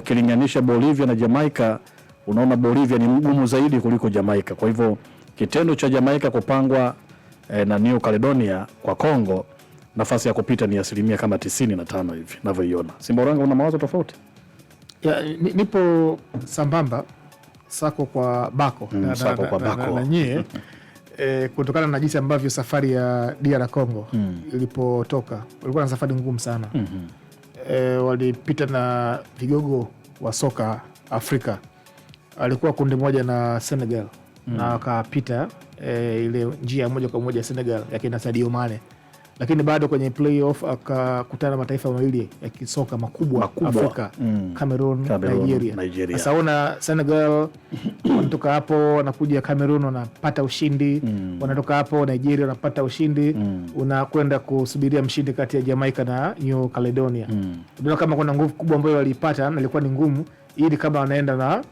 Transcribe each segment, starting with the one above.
Ukilinganisha Bolivia na Jamaica, unaona Bolivia ni mgumu zaidi kuliko Jamaica. Kwa hivyo kitendo cha Jamaica kupangwa eh, na New Caledonia kwa Congo, nafasi ya kupita ni asilimia kama tisini na tano hivi navyoiona. simbaranga una mawazo tofauti? Ya, nipo sambamba sako kwa bako mm, na, sako na, kwa bako na, na, na nyie E, kutokana na jinsi ambavyo safari ya DR Congo mm. ilipotoka ulikuwa na safari ngumu sana mm -hmm e, walipita na vigogo wa soka Afrika, alikuwa kundi moja na Senegal mm. na wakapita e, ile njia moja kwa moja Senegal yakina Sadio Mane lakini bado kwenye playoff akakutana mataifa mawili ya kisoka makubwa, makubwa Afrika mm. Cameroon, Cameroon, Nigeria, Nigeria. Asaona Senegal wanatoka hapo wanakuja Cameroon wanapata ushindi mm. wanatoka hapo Nigeria wanapata ushindi mm. unakwenda kusubiria mshindi kati ya Jamaica na New Caledonia mm. kama kuna nguvu kubwa ambayo walipata na ilikuwa ni ngumu ili kama wanaenda na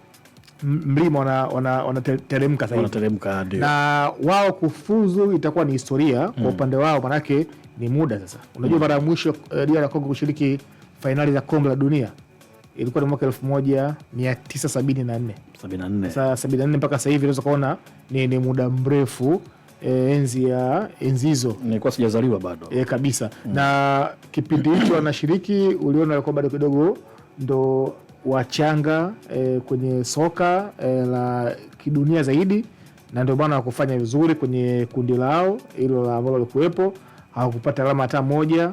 mlima wanateremka wana, wana na wao kufuzu itakuwa ni historia mm. Kwa hmm. upande wao manake ni muda sasa, unajua hmm. mara mm. ya mwisho eh, DR ya Kongo kushiriki fainali za kombe la dunia ilikuwa ni mwaka elfu moja mia tisa sabini na nne sabini na nne mpaka sahivi unaweza kuona ni, ni muda mrefu e, enzi ya enzi hizo nilikuwa sijazaliwa bado e, kabisa mm. na kipindi hicho wanashiriki uliona alikuwa bado kidogo ndo wachanga eh, kwenye soka eh, la kidunia zaidi, na ndio maana wakufanya vizuri kwenye kundi lao hilo ambalo walikuwepo, hawakupata alama hata moja,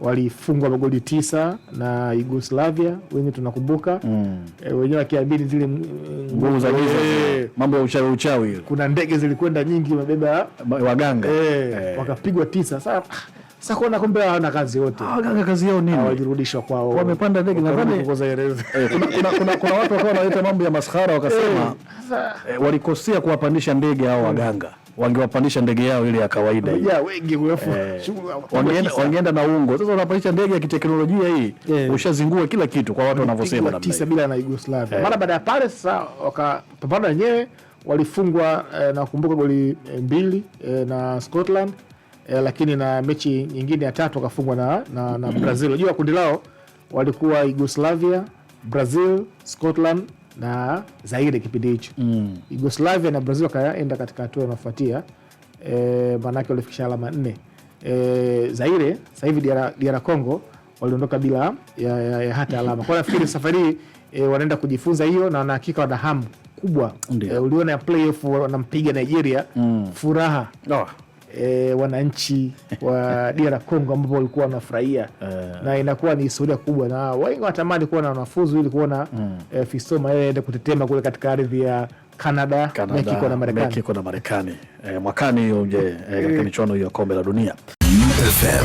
walifungwa magoli tisa na Yugoslavia wenye tunakumbuka mm. E, wenyewe wakiabiri zile nguvu za eh, giza, mambo ya uchawi uchawi, kuna ndege zilikwenda nyingi mabeba waganga e, e. wakapigwa tisa sasa sasa kuna kumbe hawana kazi yote. Hawana kazi yao nini? Hawajirudishwa kwao. Wamepanda ndege na vale. Eh, kuna kuna kuna watu wakawa wanaleta mambo ya maskhara wakasema eh, eh, walikosea kuwapandisha ndege hao waganga. Wangewapandisha ndege yao ile ya kawaida hii. Yeah, wengi wefu. Eh, wangeenda wangeenda na ungo. Sasa wanapandisha ndege ya kiteknolojia hii. Ushazingua kila kitu kwa watu wanavyosema namna hiyo. bila na Yugoslavia. Mara baada ya pale sasa wakapambana wenyewe walifungwa eh, na kumbuka goli mbili eh, na Scotland e, lakini na mechi nyingine ya tatu wakafungwa na, na, na Brazil. Unajua kundi lao walikuwa Yugoslavia, Brazil, Scotland na Zaire kipindi hicho mm. Yugoslavia na Brazil wakaenda katika hatua inaofuatia e, eh, maanake walifikisha alama nne. E, Zaire sasa hivi DR Congo waliondoka bila ya, ya, ya hata alama kwao. Nafikiri safari hii e, wanaenda kujifunza hiyo na wanahakika wana hamu kubwa e, uliona ya playoff wanampiga Nigeria mm. furaha oh e, wananchi wa DR Congo ambapo walikuwa wanafurahia uh, na inakuwa ni historia kubwa, na wengi wanatamani kuwa na wanafunzi ili kuona mm, e, Fiston Mayele aende kutetema kule katika ardhi ya Canada, Canada, Mexico na Marekani, Mexico na Marekani e, mwakani hiyo je, e, katika e. michuano hiyo ya kombe la dunia FM